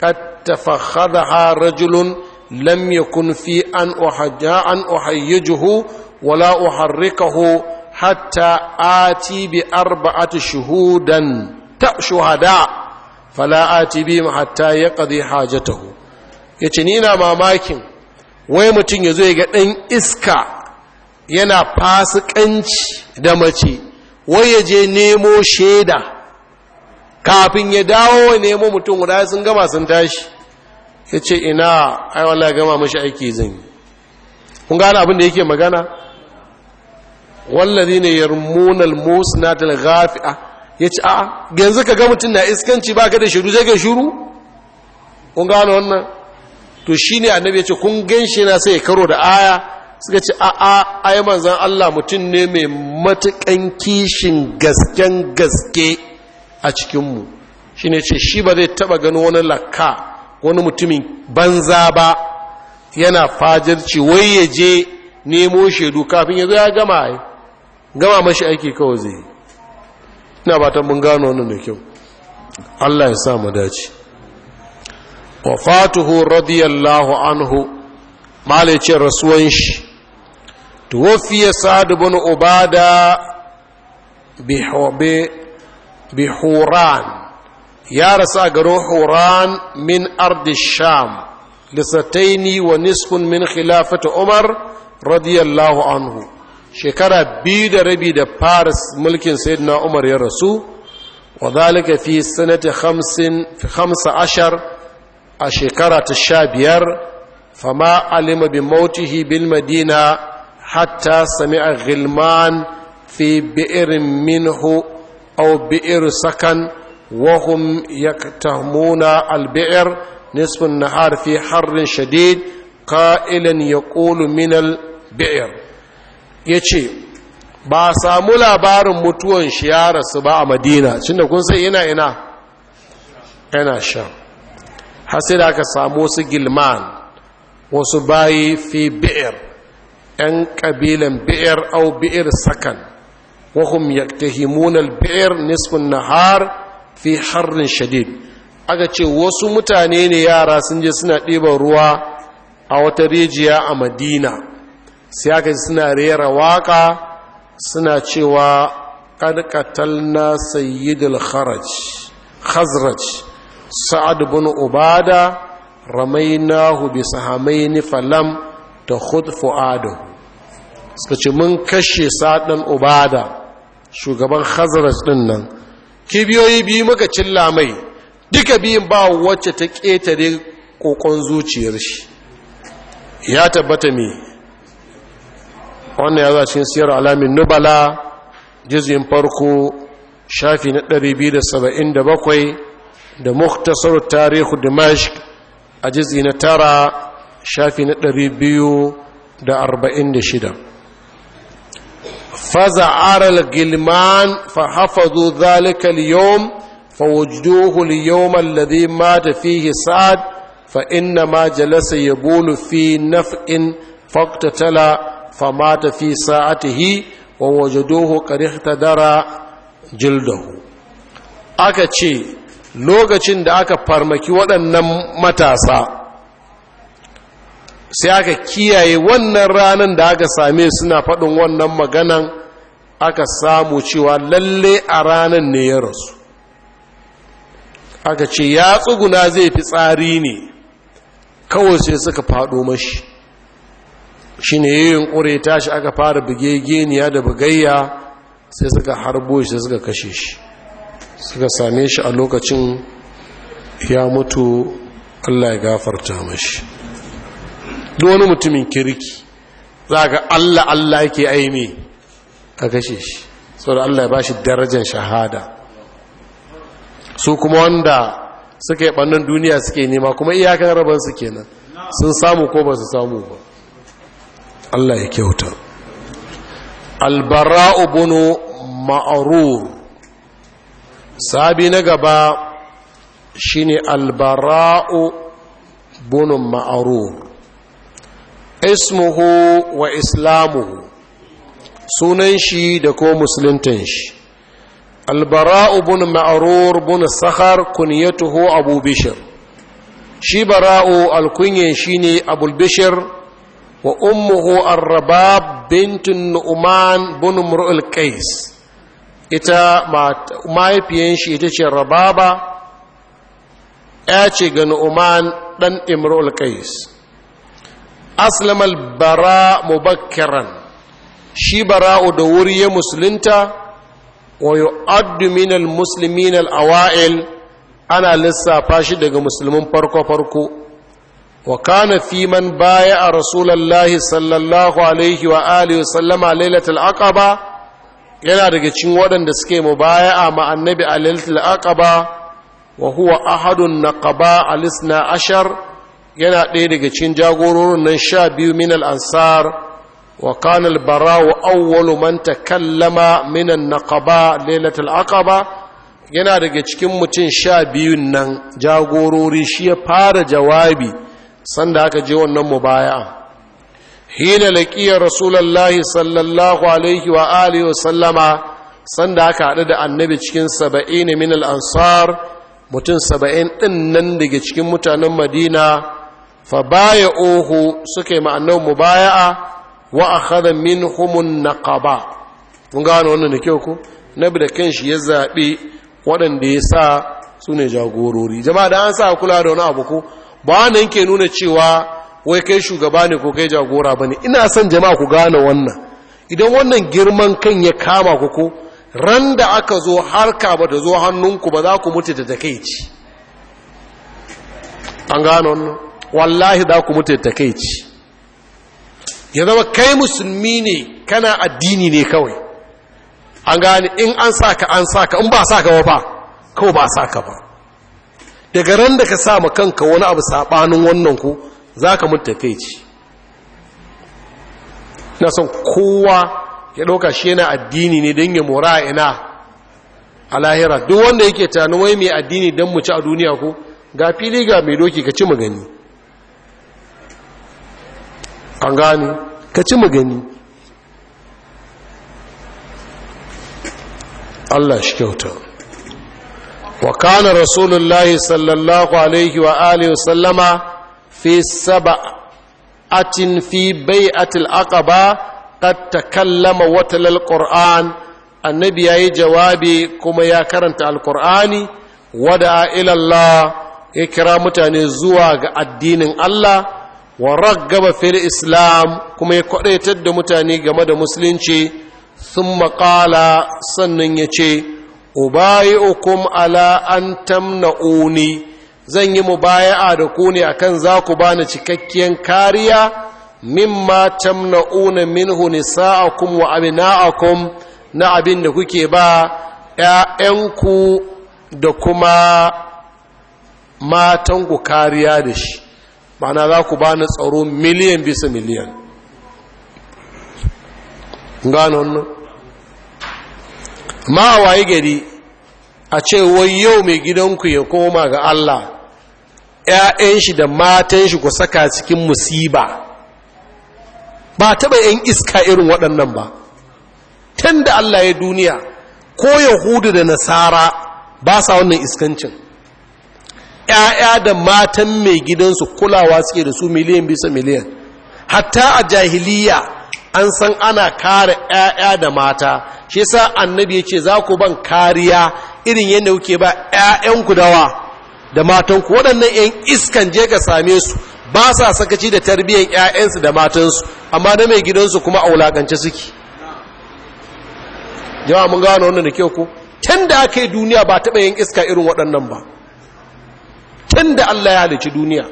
kad tafakhadaha rajulun lam yakun fi an uhajja an uhayyijuhu wala uharrikahu hatta ati bi arba'ati shuhudan ta shuhada fala ati bi hatta yaqdi hajatahu yace ni na mamakin wai mutum ya zo ya ga ɗan iska yana fasikanci da mace wai ya je nemo shaida kafin ya dawo nemo mutum guda sun gama sun tashi ya ce ina ai gama mashi aiki zan yi kun gane abin da yake magana wallazi ne yarmunal musnatil ghafi'a ya ce a'a yanzu ka ga mutum na iskanci ba ka da shiru zai ga shiru kun gane wannan to shine annabi ya ce kun ganshi na sai karo da aya suka ce a'a ai manzan Allah mutum ne mai matukan kishin gasken gaske a cikinmu shi ne ce shi ba zai taba gani wani lakka wani mutumin banza ba yana fajarci wai ya je nemo shaidu kafin ya zo ya gama yi gama mashi aiki kawai zai ina ba ta mun gano wannan da kyau Allah ya sa mu dace wafatuhu radiyallahu anhu malai ce rasuwan shi tuwafiya sa'ad bin ubada bi huran ya rasa a garin huran min ardi sham lisataini wa niskun min khilafata umar radiyallahu anhu shekara biyu da rabi da paris mulkin sayyidina umar ya rasu wa zalika fi sanata hamsa ashar a shekara ta sha biyar Fa alima bi mautihi bil madina hatta sami'a ghilman fi bi'irin minhu aw bi'ir sakan wa hum yaktahmuna al-bi'r nisf an-nahar fi harrin shadid qa'ilan yaqulu min al-bi'r yace ba samu labarin mutuwan shi ya rasu ba a madina cinda kun sai ina ina yana sha sai da aka samu wasu gilman wasu bayi fi bi'ir 'yan ƙabilan bi'ir au bi'ir sakan wahum yaktahimun al-bi'ir nisfin nahar fi harrin shadid aka ce wasu mutane ne yara sun je suna ɗiban ruwa a wata rijiya a madina sai aka ji suna rera waƙa suna cewa ƙarƙatalna sayyidul kharaj khazraj sa'ad bin ubada ramainahu bi sahamaini falam ta hud fu'adu suka ce mun kashe sadan ubada shugaban hazaras ɗin nan kibiyoyi biyu muka cilla mai duka biyun ba wacce ta ƙetare kokon zuciyar shi ya tabbata me wannan ya za cikin siyar alamin nubala jizgin farko shafi na 277 da muktasar tarihu dimashq a jizgi na tara shafi na ɗari biyu da arba'in da shida faza aral zalikal yom fa wujdu huli yom ya bulu fi naf'in faktatala fa ma aka ce lokacin da aka farmaki waɗannan matasa sai aka kiyaye wannan ranar da aka same suna faɗin wannan maganan aka samu cewa lalle a ranar ne ya rasu aka ce ya tsuguna zai fi tsari ne kawai sai suka faɗo mashi shi ne yin ƙure tashi aka fara bugegeniya da bugayya sai suka harbo shi suka kashe shi suka same shi a lokacin ya mutu allah ya gafarta mashi duk wani mutumin kirki za ga Allah Allah yake aime a kashe shi saboda Allah ya ba shi darajar shahada su kuma wanda suka yi bannan duniya suke nema kuma iyakan rabar su kenan sun samu ko ba su samu ba Allah ya kyauta albara'u bunu ma'arur sabi na gaba shine albara'u bunu ma'arur ismuhu wa islamuhu sunan shi da ko musuluntan shi albara'u bin ma'arur bin sahar kunyatuhu abu bishir shi bara'u alkunyen shi ne abul bishir wa ummuhu arrabab bintin nu'man bin mur'ul qais ita mahaifiyan shi ita ce rababa ya ce ga nu'man dan imrul qais aslam al-bara mubakkiran shi bara'u da wuri ya musulunta wa yu'addu min al-muslimin al-awa'il ana lissafa shi daga musulmin farko farko wa kana fi man baya a sallallahu alaihi wa alihi sallama lailatul aqaba yana daga cikin waɗanda suke mubaya'a ma annabi a lailatul aqaba wa huwa ahadun naqaba alisna ashar yana ɗaya daga cikin jagororin nan sha biyu min al'ansar wa kanal bara wa awwalu man takallama minan naqaba lailatul aqaba yana daga cikin mutum sha biyun nan jagorori shi ya fara jawabi sanda aka je wannan mubaya'a hina laqiya rasulullahi sallallahu alaihi wa alihi wa sallama sanda aka haɗu da annabi cikin saba'in min ansar mutum saba'in ɗin nan daga cikin mutanen madina fa baya ohu suke ma'annan mu baya a wa a kada min humun na kaba. kun gano wannan da kyau ku na bi da kan shi ya zaɓi waɗanda ya sa su ne jagorori jama'a da an sa kula da wani abu ko ba wannan ke nuna cewa wai kai shugaba ne ko kai jagora ba ne ina son jama'a ku gane wannan idan wannan girman kan ya kama ku ko ran da aka zo harka ba ta zo hannunku ba za ku mutu da takaici an gano wannan wallahi za ku mutu da ci ya zama kai musulmi ne kana addini ne kawai an gane in an saka an saka in ba ka ba kawai ba ka ba daga ran da ka sa kanka wani abu sabanin wannan ku za ka mutu ta ci na son kowa ya ɗauka shi yana addini ne don ya mora ina a lahira duk wanda yake tanuwai wai mai addini don mu ci a duniya ko ga fili ga mai doki ka ci mu gani an gane ka ci magani Allah shi kyauta wa kana rasulullahi sallallahu alaihi wa alihi sallama fi sab'atin fi bai'atil aqaba qad takallama wa talal qur'an annabi yayi jawabi kuma ya karanta alqur'ani wada ila Allah ya kira mutane zuwa ga addinin Allah wa raggaba fil islam kuma ya kwadaitar da mutane game da musulunci sun maƙala sannan ya ce ubayi'ukum ala an tamna'uni zan yi mubaya'a da ku ne akan za ku bani cikakkiyar kariya mimma tamna'una minhu nisa'akum wa abina'akum na abin da kuke ba ‘ya'yanku da kuma matanku kariya da shi ma'ana za ku bani tsaro miliyan bisa miliyan gano nan. ma waye gari a ce wai yau mai gidanku ya koma ga Allah ‘ya'yan shi da matan shi ku saka cikin musiba ba taɓa ‘yan iska irin waɗannan ba tun da Allah ya duniya ko yahudu da nasara ba sa wannan iskancin 'ya'ya da matan mai gidansu kulawa suke da su miliyan bisa miliyan hatta a jahiliya an san ana kare 'ya'ya da mata shi sa annabi ya ce za ku ban kariya irin yadda kuke ba ku dawa da matanku waɗannan 'yan iskan je ka same su ba sa sakaci da tarbiyyar 'ya'yansu da matansu amma da mai gidansu kuma a wulaƙance suke jama'a mun gano wannan da kyau ko tun da aka yi duniya ba taɓa yin iska irin waɗannan ba tun da Allah ya halici duniya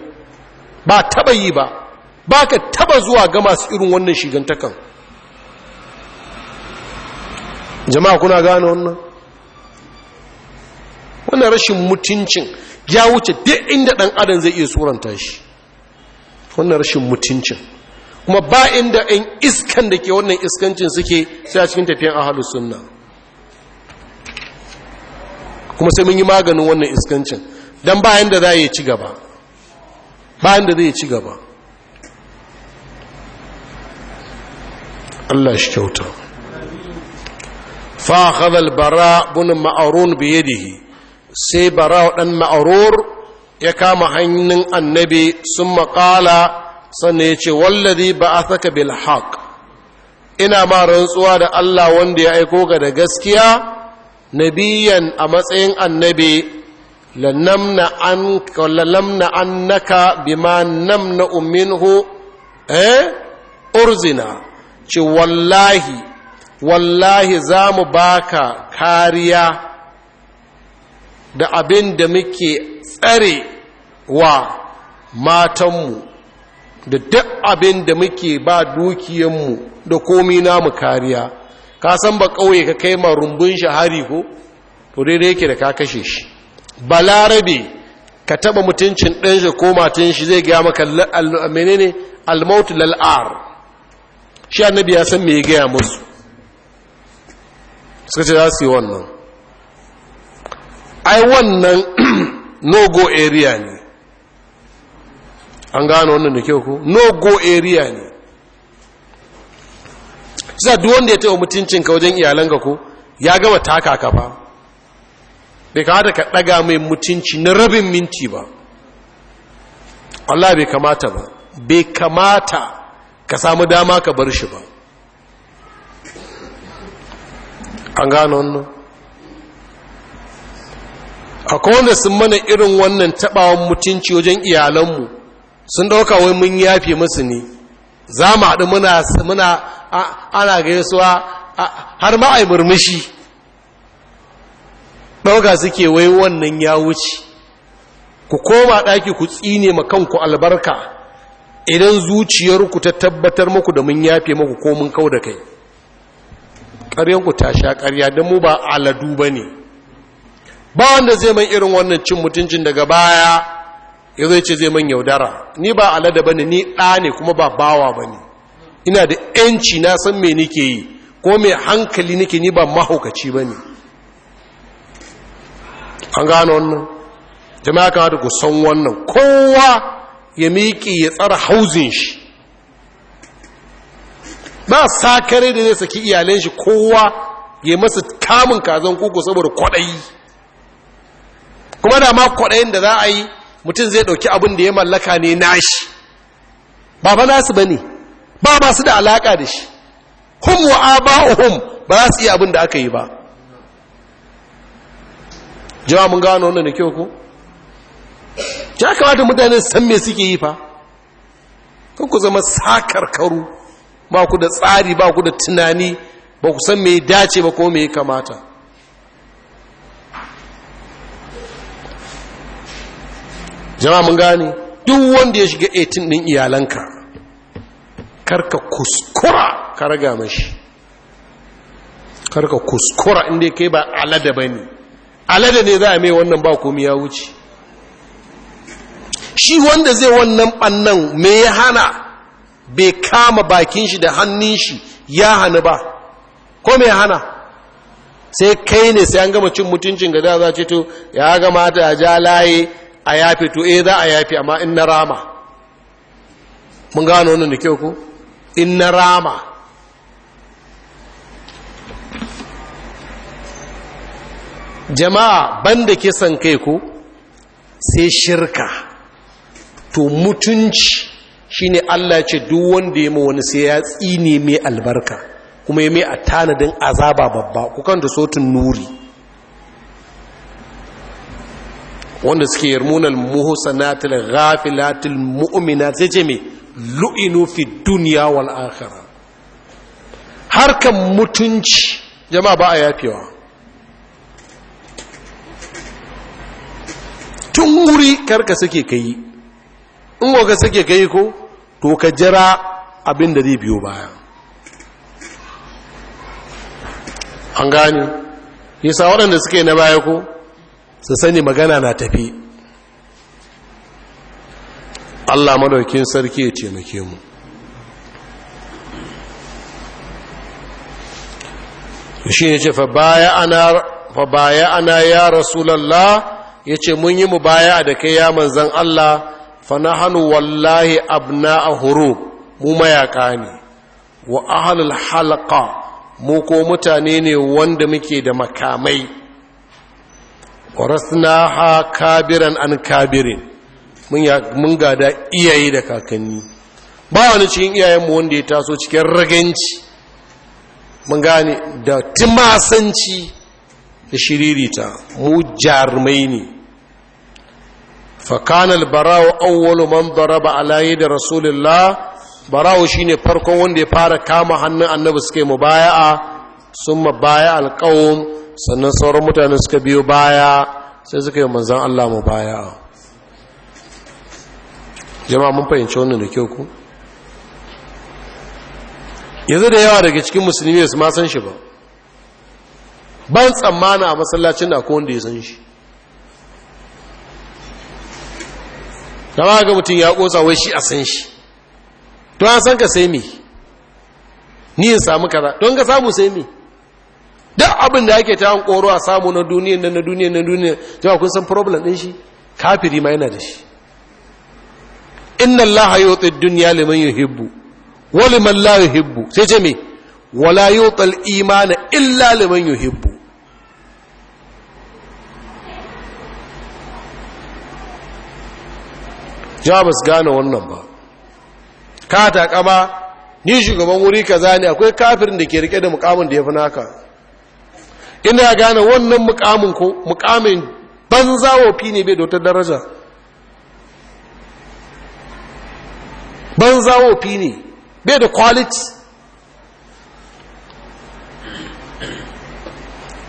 ba taba yi ba ba ka taba zuwa ga masu irin wannan shigantakan jama'a kuna gane wannan wannan rashin mutuncin ya wuce duk inda ɗan adam zai iya tsoranta shi wannan rashin mutuncin kuma ba inda 'yan iskan da ke wannan iskancin suke sai a cikin tafiyan ahalus sunna kuma sai mun yi maganin wannan iskancin don bayan da za a yi ci gaba bayan da zai ci gaba Allah shi kyauta fa bara bunin ma'arun biye yadihi sai bara ɗan ma'arur ya kama hannun annabi sun maƙala sannan ya ce wallazi saka bil haqq ina ma rantsuwa da Allah wanda ya aiko ga da gaskiya nabiyan a matsayin annabi lanamna an lanamna annaka bima namna minhu eh urzina ce wallahi wallahi za mu baka kariya da abin da muke tsare wa matanmu da duk abin da muke ba dukiyanmu da komi namu kariya ka san ba kauye ka kai ma rumbun shahari ko to daidai yake da ka kashe shi balarabe ka taba mutuncin ɗan shi ko matan shi zai gaya maka menene almautu lal'ar shi annabi ya san me ya gaya musu suka ce za su yi wannan ai wannan no-go area ne an gano wannan da kyau ko no-go area ne za duwanda wanda ya taɓa mutuncinka wajen iyalanka ko ya gama taka ka fa bai kamata ka ɗaga mai mutunci na rabin minti ba Allah bai kamata ba bai kamata ka samu dama ka bar shi ba an gano wannan akwai wanda sun mana irin wannan taɓawan mutunci wajen iyalanmu sun ɗauka wai mun yafe musu ne za mu haɗu muna ana gaisuwa har ma a yi murmushi ɗauka suke wai wannan ya wuce ku koma ɗaki ku tsine ma kanku albarka idan zuciyarku ta tabbatar muku da mun yafe muku ko mun kau da kai ƙaryanku ta sha ƙarya don mu ba aladu ba ne ba wanda zai man irin wannan cin mutuncin daga baya ya zai ce zai man yaudara ni ba alada ba ne ni ɗa ne kuma ba bawa ba ne ina da 'yanci na san me nike yi ko mai hankali nike ni ba mahaukaci ba ne an gano wannan jama'a kamata ku san wannan kowa ya miƙe ya tsara hauzin shi ba sakare da zai saki iyalen shi kowa ya masu kamun kazan koko saboda kwaɗayi kuma da ma kwaɗayin da za a yi mutum zai ɗauki abin da ya mallaka ne nashi ba ba nasu ba ne ba masu da alaƙa da shi hum wa hum ba za su iya abin da aka yi ba jama'a mun gano wannan da kyau ko ya kamata mutane san me suke yi fa kan ku zama sakar karu ba ku da tsari ba ku da tunani ba ku san me dace ba ko me kamata jama'a mun gane duk wanda ya shiga 18 din iyalanka karka kuskura ka raga mashi karka kuskura inda kai ba alada ne. alada ne za a mai wannan ba komi ya wuce shi wanda zai wannan bannan mai ya hana bai kama bakin shi da hannun shi ya hana ba ko ya hana sai kai ne sai an gama cin mutuncin ga za ce to ya gama ta ja laye a yafi to eh za a yafi amma in na rama mun gano wannan da kyau ko in na rama jama'a banda kisan kai ko sai shirka to mutunci shine Allah ce duk wanda ya wani sai ya tsine mai albarka kuma ya mai a tanadin azaba babba ku kan da sotun nuri wanda suke yarmunan muhsanatil ghafilatil mu'mina sai ce mai lu'inu fi duniya wal akhirah harkan mutunci jama'a ba a yafewa tun wuri karka suke ka yi in ka suke ka ko to ka jira abin da zai biyo baya an gani nisa waɗanda suke na baya ko su sani magana na tafi allah madaukin sarki ya taimake mu shi ne ce fa baya ana ya rasulallah ya ce mun yi mu baya da kai ya manzan Allah fana hannu wallahi abna a huru mu mayaka ne wa ahalul halaka mu ko mutane ne wanda muke da makamai na ha kabiran an kabirin mun gada iyaye da kakanni ba wani cikin iyayenmu wanda ya taso cikin raganci mun gane da timasanci da ta mu jarumai ne fakanar barawo awwalu man daraba alaye da rasulullah barawo shine farkon wanda ya fara kama hannun annabi suka yi mubaya'a sun mabaya alƙawun sannan sauran mutane suka biyo baya sai suka yi manzan Allah mubaya'a jama'a mun fahimci wannan da kyau ku yanzu da yawa daga cikin musulmi su ma san shi ba ban tsammana a masallacin da wanda ya san shi da ga mutum ya kosa wai shi a san shi to an san ka sai me ni in samu kaza don ka samu sai me duk abin da ake ta hankoro a samu na duniya na duniya na duniya jama'a kun san problem din shi kafiri ma yana da shi inna allaha yuti duniya liman yuhibbu wa liman la hibbu sai ce mai wala yi al-imana illa liman hibbu. jama gane wannan ba ka takama ni shugaban wuri kaza ne akwai kafirin da ke rike da mukamin da ya fi naka ina gane wannan mukamin ko mukamin banza fi ne bai da daraja banza fi ne bai da quality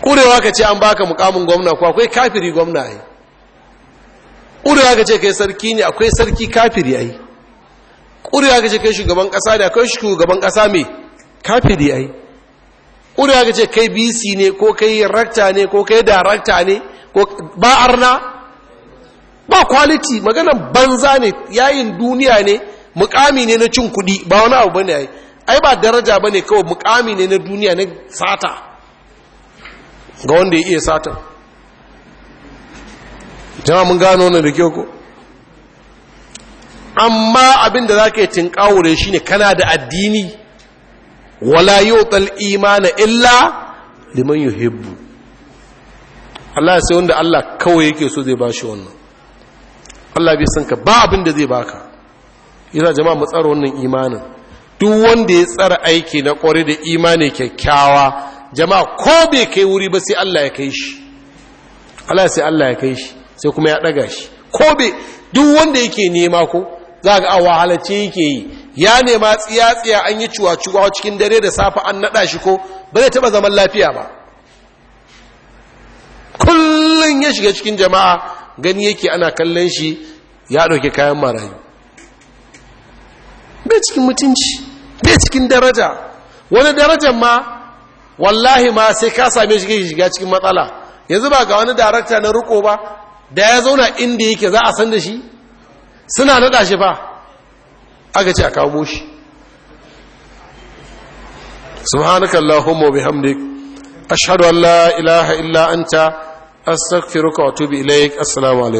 kurewa ka ce an baka mukamin gwamna ko akwai kafiri gwamna ne ƙuriya ga ce kai sarki ne akwai sarki kafiri yi ƙuriya ga ce kai shugaban ƙasa ne akwai shugaban ƙasa mai kafiri yi ƙuriya ga ce kai bc ne ko kai rakta ne ko kai darakta ne ko ba arna ba kwaliti maganan banza ne yayin duniya ne mukami ne na cin kuɗi ba wani abu bane yi ai ba daraja bane kawai mukami ne na duniya na sata ga wanda ya iya satan jama mun gano wannan da kyau ko amma abin da zaka yi tinƙawure shi ne kana da addini wala yutal imana illa liman yuhibbu Allah sai wanda Allah kawai yake so zai bashi wannan Allah bai san ka ba abin da zai baka yana jama'a mu tsara wannan imanin duk wanda ya tsara aiki na ƙware da imani kyakkyawa jama'a ko bai kai wuri ba sai Allah ya kai shi Allah sai Allah ya kai shi sai kuma ya ɗaga shi ko be duk wanda yake nema ko za ga a wahalace yake yi ya nema tsiyatsiya an yi cuwa-cuwa cikin dare da safa an naɗa shi ko ba zai taɓa zaman lafiya ba kullum ya shiga cikin jama'a gani yake ana kallon shi ya ɗauki kayan marayu bai cikin mutunci bai cikin daraja wani darajar ma wallahi ma sai ka same shi shiga cikin matsala yanzu ba ga wani darakta na riko ba da ya zauna inda yake za a san da shi suna naɗa shi ba aka ce a kawo shi subhanakallahumma bihamdik ashhadu an la ilaha illa anta astaghfiruka wa atubu ilaik assalamu alaikum